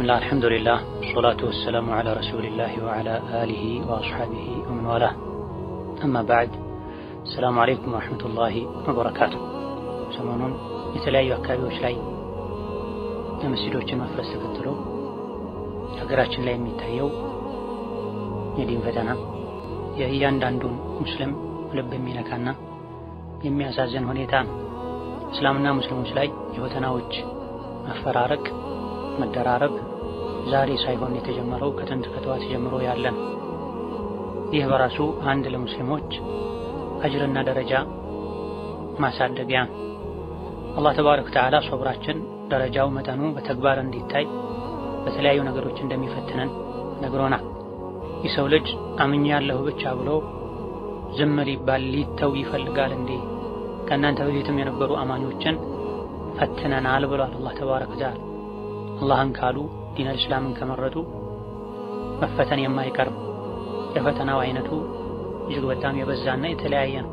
بسم الله الحمد لله والصلاة والسلام على رسول الله وعلى آله وأصحابه ومن والاه أما بعد السلام عليكم ورحمة الله وبركاته سمعون مثل أي أكابي وشلاي نمسيد وشما فلسفتلو أقراش لا يميتايو يدين فتنا يهيان داندون مسلم لب مينا كان يمي أساس جنهوني تان سلامنا مسلم وشلاي يهوتنا وش مفرارك መደራረብ ዛሬ ሳይሆን የተጀመረው ከጥንት ከተዋት ጀምሮ ያለ ነው። ይህ በራሱ አንድ ለሙስሊሞች አጅርና ደረጃ ማሳደጊያ ነው። አላህ ተባረክ ወተዓላ ሶብራችን ደረጃው መጠኑ በተግባር እንዲታይ በተለያዩ ነገሮች እንደሚፈትነን ነግሮናል። የሰው ልጅ አምኛለሁ ብቻ ብሎ ዝም ሊባል ሊተው ይፈልጋል እንዴ? ከእናንተ በፊትም የነበሩ አማኞችን ፈትነናል ብሏል አላህ ተባረክ ወተዓላ። አላህን ካሉ ዲነል እስላምን ከመረጡ መፈተን የማይቀርብ የፈተናው አይነቱ እጅግ በጣም የበዛና የተለያየ ነው።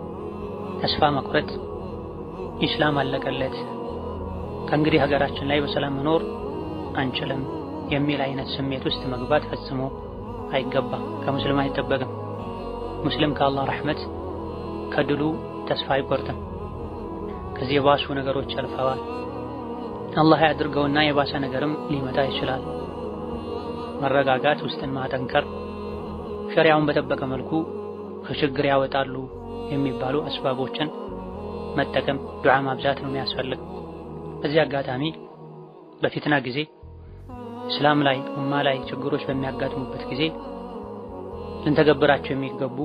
ተስፋ መቁረጥ፣ ኢስላም አለቀለት ከእንግዲህ ሀገራችን ላይ በሰላም መኖር አንችልም የሚል አይነት ስሜት ውስጥ መግባት ፈጽሞ አይገባም፣ ከሙስሊም አይጠበቅም። ሙስሊም ከአላህ ረሕመት ከድሉ ተስፋ አይቆርጥም። ከዚህ የባሱ ነገሮች አልፈዋል። አላህ ያድርገውና የባሰ ነገርም ሊመጣ ይችላል። መረጋጋት ውስጥን ማጠንከር ሸሪያውን በጠበቀ መልኩ ከችግር ያወጣሉ የሚባሉ አስባቦችን መጠቀም ዱዓ ማብዛት ነው የሚያስፈልግ። በዚህ አጋጣሚ በፊትና ጊዜ እስላም ላይ ኡማ ላይ ችግሮች በሚያጋጥሙበት ጊዜ ልንተገብራቸው የሚገቡ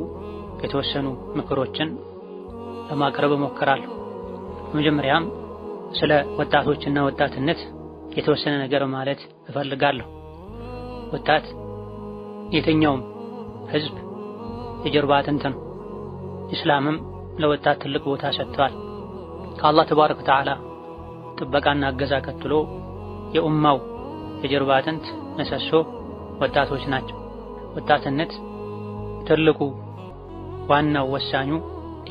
የተወሰኑ ምክሮችን ለማቅረብ እሞክራለሁ። በመጀመሪያም ስለ ወጣቶችና ወጣትነት የተወሰነ ነገር ማለት እፈልጋለሁ። ወጣት የትኛውም ህዝብ የጀርባ አጥንት ነው። ኢስላምም ለወጣት ትልቅ ቦታ ሰጥቷል። ከአላህ ተባረከ ወተዓላ ጥበቃና እገዛ ቀጥሎ የኡማው የጀርባ አጥንት ምሰሶ ወጣቶች ናቸው። ወጣትነት ትልቁ ዋናው ወሳኙ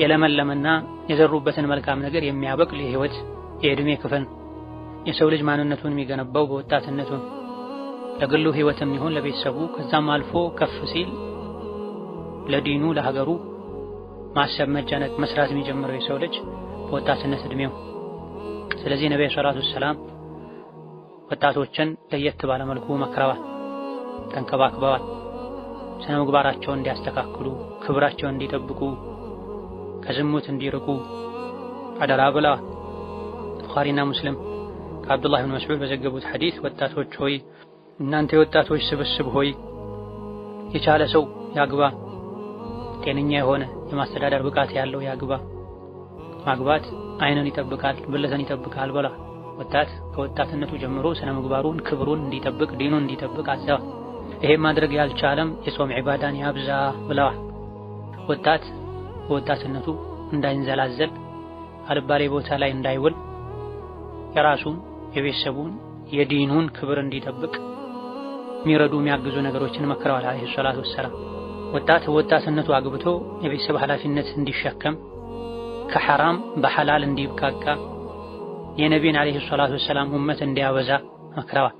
የለመለመና የዘሩበትን መልካም ነገር የሚያበቅል የህይወት የዕድሜ ክፍል የሰው ልጅ ማንነቱን የሚገነባው በወጣትነቱ ለግሉ ህይወትም ይሁን ለቤተሰቡ ከዛም አልፎ ከፍ ሲል ለዲኑ ለሀገሩ ማሰብ መጨነቅ መስራት የሚጀምረው የሰው ልጅ በወጣትነት እድሜው። ስለዚህ ነብዩ ሰላቱ ሰላም ወጣቶችን ለየት ባለ መልኩ መክረዋል፣ ተንከባክበዋል። ስነ ምግባራቸውን እንዲያስተካክሉ፣ ክብራቸውን እንዲጠብቁ፣ ከዝሙት እንዲርቁ አደራ ብለዋል። ቡኻሪና ሙስሊም ከአብዱላህ ብን መስዑድ በዘገቡት ሐዲስ ወጣቶች ሆይ እናንተ የወጣቶች ስብስብ ሆይ የቻለ ሰው ያግባ፣ ጤነኛ የሆነ የማስተዳደር ብቃት ያለው ያግባ። ማግባት አይንን ይጠብቃል፣ ብልትን ይጠብቃል ብላ ወጣት ከወጣትነቱ ጀምሮ ስነ ምግባሩን ክብሩን እንዲጠብቅ ዲኑን እንዲጠብቅ አዘዋ። ይሄም ማድረግ ያልቻለም የጾም ዒባዳን ያብዛ ብለዋል። ወጣት በወጣትነቱ እንዳይንዘላዘል አልባሌ ቦታ ላይ እንዳይውል የራሱን የቤተሰቡን የዲኑን ክብር እንዲጠብቅ የሚረዱ የሚያግዙ ነገሮችን መክረዋል አለይሂ ሰላቱ ወሰላም። ወጣት ወጣትነቱ አግብቶ የቤተሰብ ኃላፊነት እንዲሸከም ከሐራም በሐላል እንዲብቃቃ የነቢን አለይሂ ሰላቱ ወሰላም ኡመት እንዲያበዛ መክረዋል።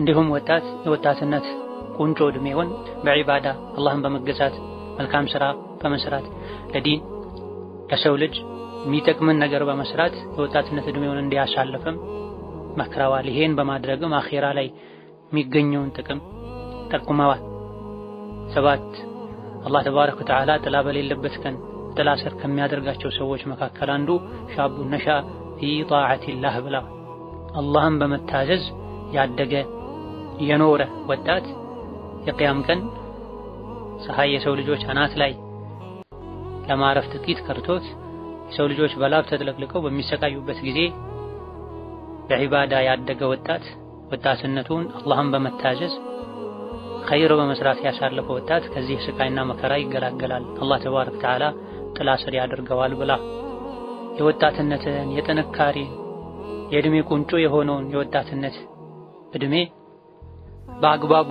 እንዲሁም ወጣት የወጣትነት ቁንጮ እድሜውን በዒባዳ አላህን በመገዛት መልካም ስራ በመስራት ለዲን ለሰው ልጅ የሚጠቅምን ነገር በመስራት የወጣትነት እድሜውን እንዲያሳልፍም መክረዋል። ይሄን በማድረግም አኼራ ላይ የሚገኘውን ጥቅም ጠቁመዋል። ሰባት አላህ ተባረከ ወተዓላ ጥላ በሌለበት ቀን ጥላ ስር ከሚያደርጋቸው ሰዎች መካከል አንዱ ሻቡ ነሻ ፊ ጣዓቲላህ ብለዋል። አላህን በመታዘዝ ያደገ የኖረ ወጣት የቅያም ቀን ፀሐይ የሰው ልጆች አናት ላይ ለማረፍ ጥቂት ቀርቶት ሰው ልጆች በላብ ተጥለቅልቀው በሚሰቃዩበት ጊዜ በዒባዳ ያደገ ወጣት ወጣትነቱን አላህን በመታዘዝ ኸይር በመስራት ያሳለፈ ወጣት ከዚህ ስቃይና መከራ ይገላገላል፣ አላህ ተባረክ ተዓላ ጥላ ስር ያደርገዋል ብላ የወጣትነትን የጥንካሬ የእድሜ ቁንጮ የሆነውን የወጣትነት እድሜ በአግባቡ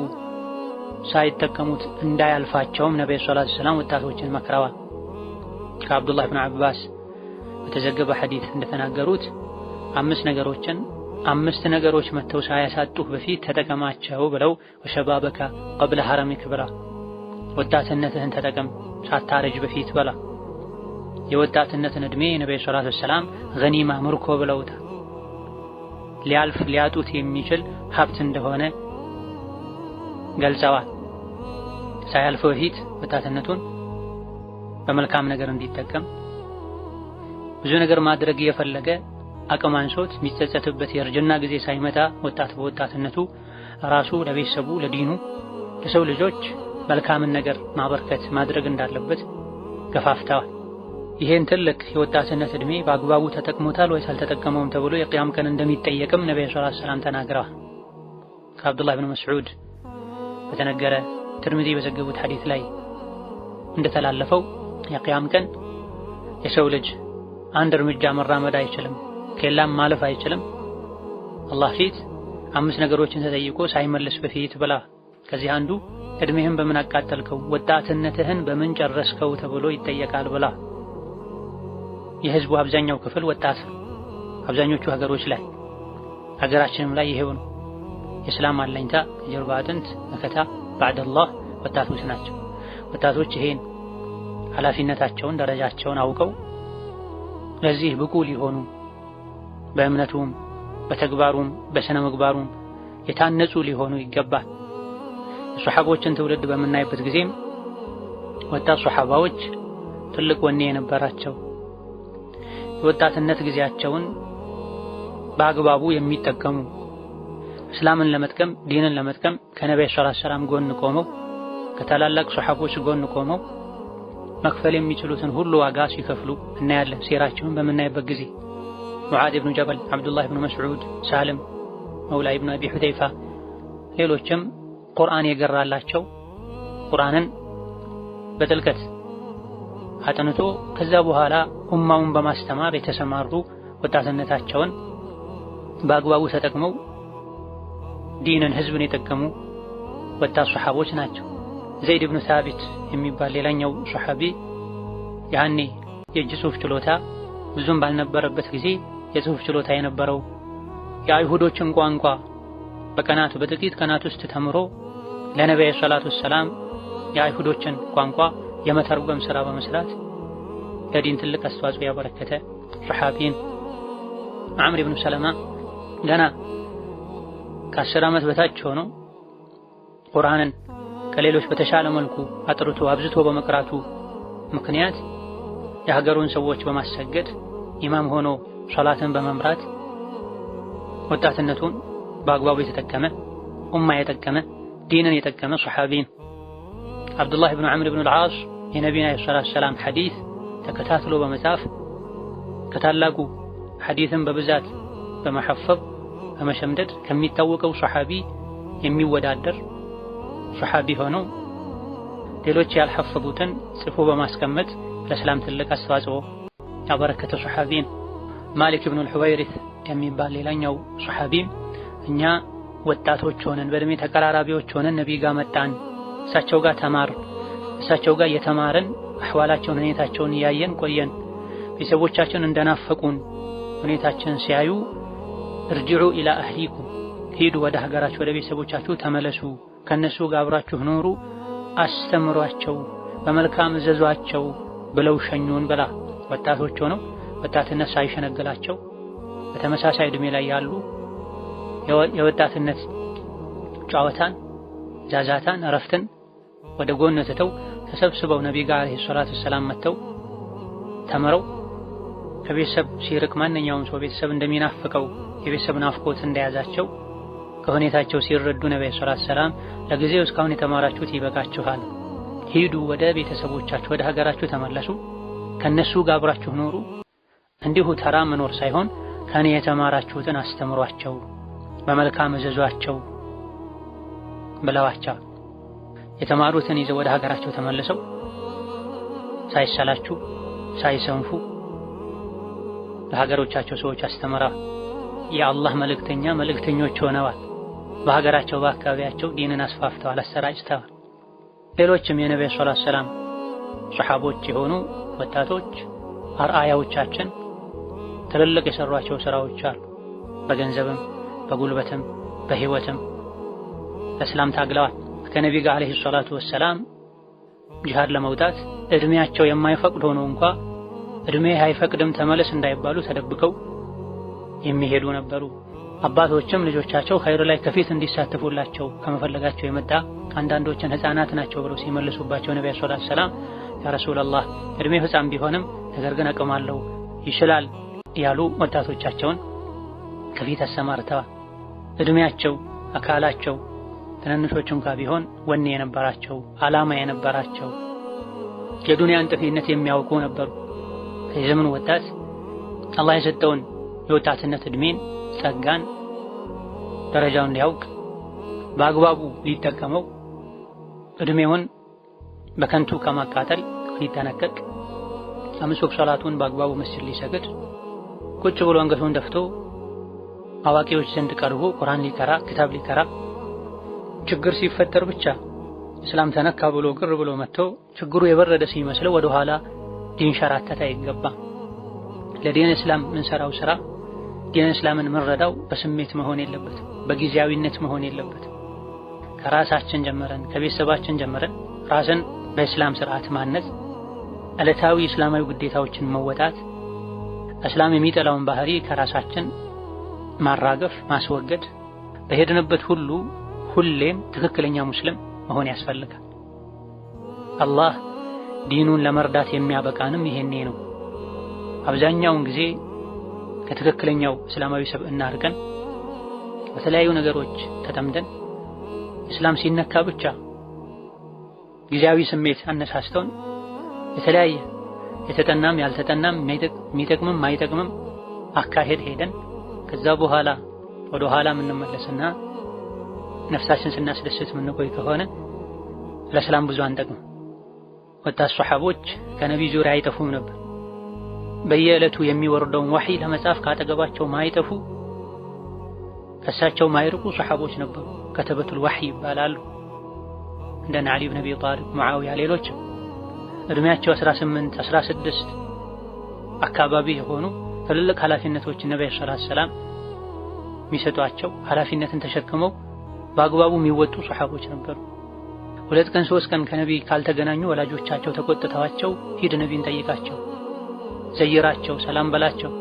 ሳይጠቀሙት እንዳያልፋቸውም ነብዩ ሰለላሁ ዐለይሂ ወሰለም ወጣቶችን መክረዋል። ከአብዱላህ ብን አባስ በተዘገበ ሐዲት እንደተናገሩት አምስት ነገሮችን አምስት ነገሮች መተው ሳያሳጡህ በፊት ተጠቀማቸው ብለው ወሸባበካ ቀብለ ሐረሚክ ብላ ወጣትነትህን ተጠቀም ሳታረጅ በፊት በላ የወጣትነትን ዕድሜ ነብዩ ሰለላሁ ዐለይሂ ወሰለም ገኒማ ምርኮ ብለውታ ሊያልፍ ሊያጡት የሚችል ሀብት እንደሆነ ገልጸዋል። ሳያልፍ በፊት ወጣትነቱን በመልካም ነገር እንዲጠቀም ብዙ ነገር ማድረግ እየፈለገ አቅም አንሶት የሚጸጸትበት የእርጅና ጊዜ ሳይመጣ ወጣት በወጣትነቱ ራሱ ለቤተሰቡ፣ ለዲኑ፣ ለሰው ልጆች መልካምን ነገር ማበርከት ማድረግ እንዳለበት ገፋፍተዋል። ይሄን ትልቅ የወጣትነት እድሜ በአግባቡ ተጠቅሞታል ወይስ አልተጠቀመውም ተብሎ የቅያም ቀን እንደሚጠየቅም ነብዩ ሰለላሁ ዐለይሂ ወሰለም ተናግረዋል። ከአብዱላህ ብን መስዑድ በተነገረ ትርሚዚ በዘገቡት ሐዲስ ላይ እንደተላለፈው የቅያም ቀን የሰው ልጅ አንድ እርምጃ መራመድ አይችልም፣ ኬላም ማለፍ አይችልም። አላህ ፊት አምስት ነገሮችን ተጠይቆ ሳይመልስ በፊት ብላ። ከዚህ አንዱ እድሜህን በምን አቃጠልከው፣ ወጣትነትህን በምን ጨረስከው ተብሎ ይጠየቃል ብላ። የህዝቡ አብዛኛው ክፍል ወጣት፣ አብዛኞቹ ሀገሮች ላይ ሀገራችንም ላይ ይሄው ነው። የእስላም አለኝታ የጀርባ አጥንት መከታ ባዕደላህ ወጣቶች ናቸው። ወጣቶች ይሄን ኃላፊነታቸውን ደረጃቸውን አውቀው ለዚህ ብቁ ሊሆኑ በእምነቱም በተግባሩም በስነ ምግባሩም የታነጹ ሊሆኑ ይገባል። የሶሐቦችን ትውልድ በምናይበት ጊዜም ወጣት ሶሐባዎች ትልቅ ወኔ የነበራቸው የወጣትነት ጊዜያቸውን በአግባቡ የሚጠቀሙ እስላምን ለመጥቀም ዲንን ለመጥቀም ከነቢዩ ሰለላሁ ሰላም ጎን ቆመው ከታላላቅ ሶሐቦች ጎን ቆመው መክፈል የሚችሉትን ሁሉ ዋጋ ሲከፍሉ እናያለን። ሴራቸውን በምናይበት ጊዜ ሙዓዝ ብኑ ጀበል፣ አብዱላህ ብኑ መስዑድ፣ ሳልም መውላ ብኑ አቢ ሁዘይፋ፣ ሌሎችም ቁርአን የገራላቸው ቁርአንን በጥልቀት አጥንቶ ከዛ በኋላ ኡማውን በማስተማር የተሰማሩ ወጣትነታቸውን በአግባቡ ተጠቅመው ዲንን፣ ህዝብን የጠቀሙ ወጣት ሰሓቦች ናቸው። ዘይድ ብኑ ሳቢት የሚባል ሌላኛው ሰሐቢ ያኔ የእጅ ጽሑፍ ችሎታ ብዙም ባልነበረበት ጊዜ የጽሑፍ ችሎታ የነበረው የአይሁዶችን ቋንቋ በቀናቱ በጥቂት ቀናት ውስጥ ተምሮ ለነቢያ ሰላቱ ሰላም የአይሁዶችን ቋንቋ የመተርጎም ሥራ በመስራት ለዲን ትልቅ አስተዋጽኦ ያበረከተ ሰሐቢን አምር ብኑ ሰለማ ገና ከአስር ዓመት በታች ሆኖ ቁርአንን ከሌሎች በተሻለ መልኩ አጥርቶ አብዝቶ በመቅራቱ ምክንያት የሀገሩን ሰዎች በማሰገድ ኢማም ሆኖ ሶላትን በመምራት ወጣትነቱን በአግባቡ የተጠቀመ ኡማ የጠቀመ ዲንን የጠቀመ ሱሐቢን አብዱላህ ብን ዐምር ብን አልዓስ የነቢን አለይሂ ሰላቱ ሰላም ሐዲስ ተከታትሎ በመጻፍ ከታላቁ ሐዲስን በብዛት በመሐፈብ በመሸምደድ ከሚታወቀው ሱሐቢ የሚወዳደር ሰሓቢ ሆነው ሌሎች ያልሐፈዙትን ጽፎ በማስቀመጥ ለእስላም ትልቅ አስተዋጽኦ ያበረከተ ሰሓቢ ነው። ማሊክ ብኑል ሑወይሪት የሚባል ሌላኛው ሰሓቢም እኛ ወጣቶች ሆነን በእድሜ ተቀራራቢዎች ሆነን ነቢይ ጋር መጣን፣ እሳቸው ጋር ተማር እሳቸው ጋር የተማርን አሕዋላቸውን ሁኔታቸውን እያየን ቆየን። ቤተሰቦቻችን እንደናፈቁን ሁኔታችን ሲያዩ እርጅዑ ኢላ አህሊኩም ሂዱ፣ ወደ ሀገራችሁ ወደ ቤተሰቦቻችሁ ተመለሱ ከነሱ ጋር አብራችሁ ኑሩ፣ አስተምሯቸው፣ በመልካም ዘዟቸው ብለው ሸኙን በላ። ወጣቶች ሆነው ወጣትነት ሳይሸነግላቸው በተመሳሳይ እድሜ ላይ ያሉ የወጣትነት ጨዋታን፣ ዛዛታን፣ እረፍትን ወደ ጎን ትተው ተሰብስበው ነቢ ጋር አለይሂ ሰላቱ ሰላም መጥተው ተምረው ከቤተሰብ ሲርቅ ማንኛውም ሰው ቤተሰብ እንደሚናፍቀው የቤተሰብ ናፍቆት እንደያዛቸው ከሁኔታቸው ሲረዱ ነቢዩ ሰላት ሰላም ለጊዜው እስካሁን የተማራችሁት ይበቃችኋል፣ ሂዱ፣ ወደ ቤተሰቦቻችሁ ወደ ሀገራችሁ ተመለሱ፣ ከነሱ ጋር አብራችሁ ኖሩ፣ እንዲሁ ተራ መኖር ሳይሆን ከእኔ የተማራችሁትን አስተምሯቸው፣ በመልካም እዘዟቸው ብለዋቸው የተማሩትን ይዘው ወደ ሀገራቸው ተመልሰው ሳይሰላችሁ ሳይሰንፉ ለሀገሮቻቸው ሰዎች አስተምራ የአላህ መልእክተኛ መልእክተኞች ሆነዋል። በሀገራቸው በአካባቢያቸው ዲንን አስፋፍተዋል፣ አሰራጭተዋል። ሌሎችም የነቢዩ ሰለላሁ ሰላም ወሰለም ሰሓቦች የሆኑ ወጣቶች አርአያዎቻችን ትልልቅ የሰሯቸው ስራዎች አሉ። በገንዘብም በጉልበትም በህይወትም ለእስላም ታግለዋል። ከነቢ ጋር አለይሂ ሰላቱ ወሰላም ጂሃድ ለመውጣት እድሜያቸው የማይፈቅድ ሆኖ እንኳ እድሜ አይፈቅድም ተመለስ እንዳይባሉ ተደብቀው የሚሄዱ ነበሩ። አባቶችም ልጆቻቸው ኸይር ላይ ከፊት እንዲሳተፉላቸው ከመፈለጋቸው የመጣ አንዳንዶችን ህፃናት ናቸው ብለው ሲመልሱባቸው ነቢ ሰለላሁ ሰላም ያ ረሱላላህ እድሜ ህፃን ቢሆንም ነገር ግን አቅም አለው ይችላል ያሉ ወጣቶቻቸውን ከፊት አሰማርተዋል። እድሜያቸው አካላቸው ትንንሾች እንኳ ቢሆን ወኔ የነበራቸው አላማ የነበራቸው የዱንያን ጥፊነት የሚያውቁ ነበሩ። የዘመኑ ወጣት አላህ የሰጠውን የወጣትነት እድሜን ጸጋን ደረጃውን ሊያውቅ በአግባቡ ሊጠቀመው እድሜውን በከንቱ ከማቃጠል ሊጠነቀቅ አምስት ሶላቱን በአግባቡ መስጊድ ሊሰግድ ቁጭ ብሎ አንገቱን ደፍቶ አዋቂዎች ዘንድ ቀርቦ ቁርአን ሊቀራ ክታብ ሊቀራ ችግር ሲፈጠር ብቻ እስላም ተነካ ብሎ ግር ብሎ መጥቶ ችግሩ የበረደ ሲመስለው ወደ ኋላ ሊንሸራተት አይገባም። ለዲን እስላም የምንሰራው ስራ ዲን እስላምን የምንረዳው በስሜት መሆን የለበት፣ በጊዜያዊነት መሆን የለበት። ከራሳችን ጀምረን ከቤተሰባችን ጀምረን ራስን በእስላም ስርዓት ማነጽ፣ ዕለታዊ እስላማዊ ግዴታዎችን መወጣት፣ እስላም የሚጠላውን ባህሪ ከራሳችን ማራገፍ፣ ማስወገድ፣ በሄድንበት ሁሉ ሁሌም ትክክለኛ ሙስሊም መሆን ያስፈልጋል። አላህ ዲኑን ለመርዳት የሚያበቃንም ይሄኔ ነው። አብዛኛውን ጊዜ ከትክክለኛው እስላማዊ ሰብ አርቀን በተለያዩ ነገሮች ተጠምደን እስላም ሲነካ ብቻ ጊዜያዊ ስሜት አነሳስተውን የተለያየ የተጠናም ያልተጠናም የሚጠቅምም ማይጠቅምም አካሄድ ሄደን ከዛ በኋላ ወደ ኋላ የምንመለስና ነፍሳችን ስናስደስት የምንቆይ ከሆነ ለሰላም ብዙ አንጠቅም። ወጣት ሶሐቦች ከነቢይ ዙሪያ አይጠፉም ነበር። በየዕለቱ የሚወርደውን ወሕይ ለመጻፍ ካጠገባቸው ማይጠፉ ከእሳቸው ማይርቁ ሰሓቦች ነበሩ። ከተበቱል ወሕይ ይባላሉ። እንደነ ዓሊ ብን አቢ ጣሊብ፣ ሙዓውያ፣ ሌሎች እድሜያቸው 18፣ 16 አካባቢ የሆኑ ትልልቅ ኃላፊነቶች ነቢይ ሰለላሁ ሰላም የሚሰጧቸው ኃላፊነትን ተሸክመው በአግባቡ የሚወጡ ሰሓቦች ነበሩ። ሁለት ቀን ሶስት ቀን ከነቢይ ካልተገናኙ ወላጆቻቸው ተቆጥተዋቸው ሂድ ነቢይን ጠይቃቸው ዘይራቸው፣ ሰላም በላቸው፣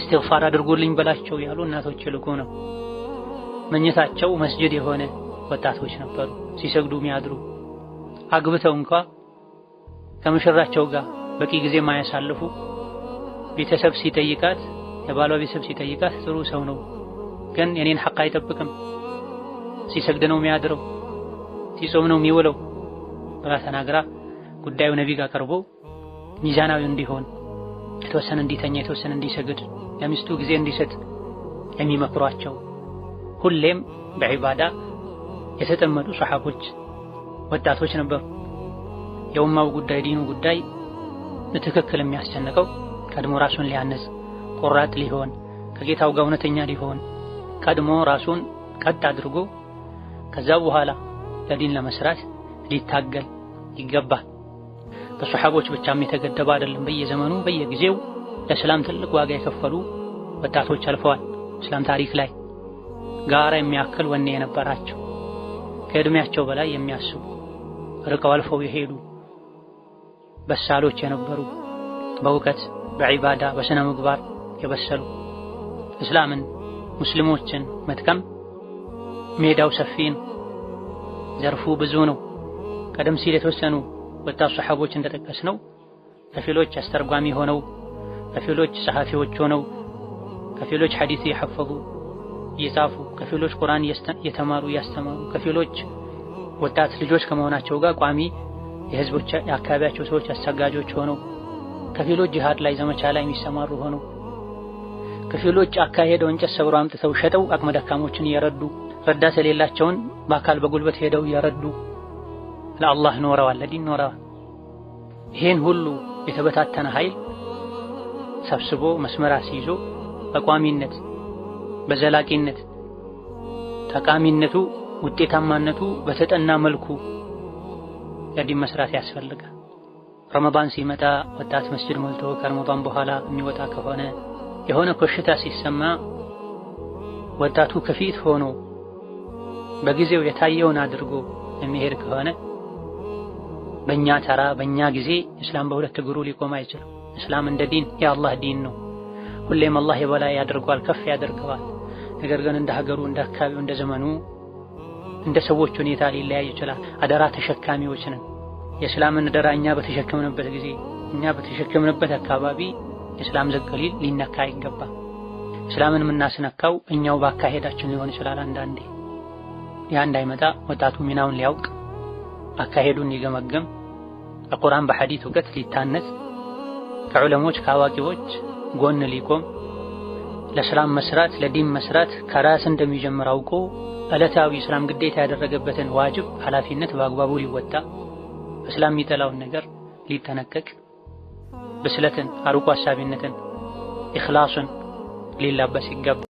እስትግፋር አድርጎልኝ በላቸው ያሉ እናቶች ይልኩ ነው። መኝታቸው መስጅድ የሆነ ወጣቶች ነበሩ ሲሰግዱ የሚያድሩ አግብተው እንኳ ከምሽራቸው ጋር በቂ ጊዜ ማያሳልፉ ቤተሰብ ሲጠይቃት የባሏ ቤተሰብ ሲጠይቃት ጥሩ ሰው ነው፣ ግን የኔን ሐቅ አይጠብቅም፣ ሲሰግድ ነው የሚያድረው፣ ሲጾም ነው የሚውለው ብላ ተናግራ ጉዳዩ ነቢ ጋር ቀርቦ ሚዛናዊ እንዲሆን የተወሰነ እንዲተኛ የተወሰነ እንዲሰግድ ለሚስቱ ጊዜ እንዲሰጥ የሚመክሯቸው ሁሌም በዒባዳ የተጠመዱ ሰሓቦች ወጣቶች ነበሩ። የኡማው ጉዳይ ዲኑ ጉዳይ በትክክል የሚያስጨንቀው ቀድሞ ራሱን ሊያነጽ ቆራጥ ሊሆን ከጌታው ጋር እውነተኛ ሊሆን ቀድሞ ራሱን ቀጥ አድርጎ ከዛ በኋላ ለዲን ለመስራት ሊታገል ይገባል። በሶሐቦች ብቻም የተገደበ አይደለም። በየዘመኑ በየጊዜው ለእስላም ትልቅ ዋጋ የከፈሉ ወጣቶች አልፈዋል። እስላም ታሪክ ላይ ጋራ የሚያክል ወኔ የነበራቸው ከእድሜያቸው በላይ የሚያስቡ ርቀው አልፈው የሄዱ በሳሎች የነበሩ በእውቀት በዒባዳ በሥነ ምግባር የበሰሉ እስላምን ሙስሊሞችን መጥቀም ሜዳው ሰፊ ነው፣ ዘርፉ ብዙ ነው። ቀደም ሲል የተወሰኑ ወጣት ሰሐቦች እንደጠቀስነው። ነው ከፊሎች አስተርጓሚ ሆነው ከፊሎች ጸሐፊዎች ሆነው ከፊሎች ሐዲስ እየሐፈዙ እየጻፉ ከፊሎች ቁርአን እየተማሩ እያስተማሩ ከፊሎች ወጣት ልጆች ከመሆናቸው ጋር ቋሚ የህዝቦች የአካባቢያቸው ሰዎች አሳጋጆች ሆነው ከፊሎች ጂሃድ ላይ ዘመቻ ላይ የሚሰማሩ ሆነው ከፊሎች ጫካ ሄደው እንጨት ሰብሮ አምጥተው ሸጠው አቅመ ደካሞችን እየረዱ ረዳት የሌላቸውን በአካል በጉልበት ሄደው እየረዱ ለአላህ ኖረዋል፣ ለዲን ኖረዋል። ይሄን ሁሉ የተበታተነ ኃይል ሰብስቦ መስመር አስይዞ በቋሚነት በዘላቂነት ጠቃሚነቱ ውጤታማነቱ በተጠና መልኩ ለዲን መስራት ያስፈልጋል። ረመዳን ሲመጣ ወጣት መስጅድ ሞልቶ ከረመዳን በኋላ የሚወጣ ከሆነ የሆነ ኮሽታ ሲሰማ ወጣቱ ከፊት ሆኖ በጊዜው የታየውን አድርጎ የሚሄድ ከሆነ በእኛ ተራ በእኛ ጊዜ እስላም በሁለት እግሩ ሊቆም አይችልም። እስላም እንደ ዲን የአላህ ዲን ነው። ሁሌም አላህ የበላይ ያደርገዋል፣ ከፍ ያደርገዋል። ነገር ግን እንደ ሀገሩ፣ እንደ አካባቢው፣ እንደ ዘመኑ፣ እንደ ሰዎች ሁኔታ ሊለያይ ይችላል። አደራ ተሸካሚዎች ነን። የእስላምን አደራ እኛ በተሸከምንበት ጊዜ፣ እኛ በተሸከምንበት አካባቢ የእስላም ዝቅ ሊነካ አይገባም። እስላምን የምናስነካው እኛው ባካሄዳችን ሊሆን ይችላል። አንዳንዴ ያ እንዳይመጣ ወጣቱ ሚናውን ሊያውቅ አካሄዱን ሊገመግም ከቁርአን በሐዲት እውቀት ሊታነጽ ከዑለሞች ከአዋቂዎች ጎን ሊቆም ለሰላም መስራት ለዲን መስራት ከራስ እንደሚጀምር አውቆ ዕለታዊ እስላም ግዴታ ያደረገበትን ዋጅብ ኃላፊነት በአግባቡ ሊወጣ እስላም የሚጠላውን ነገር ሊጠነቀቅ ብስለትን፣ አርቆ አሳቢነትን፣ ኢኽላሱን ሊላበስ ይገባል።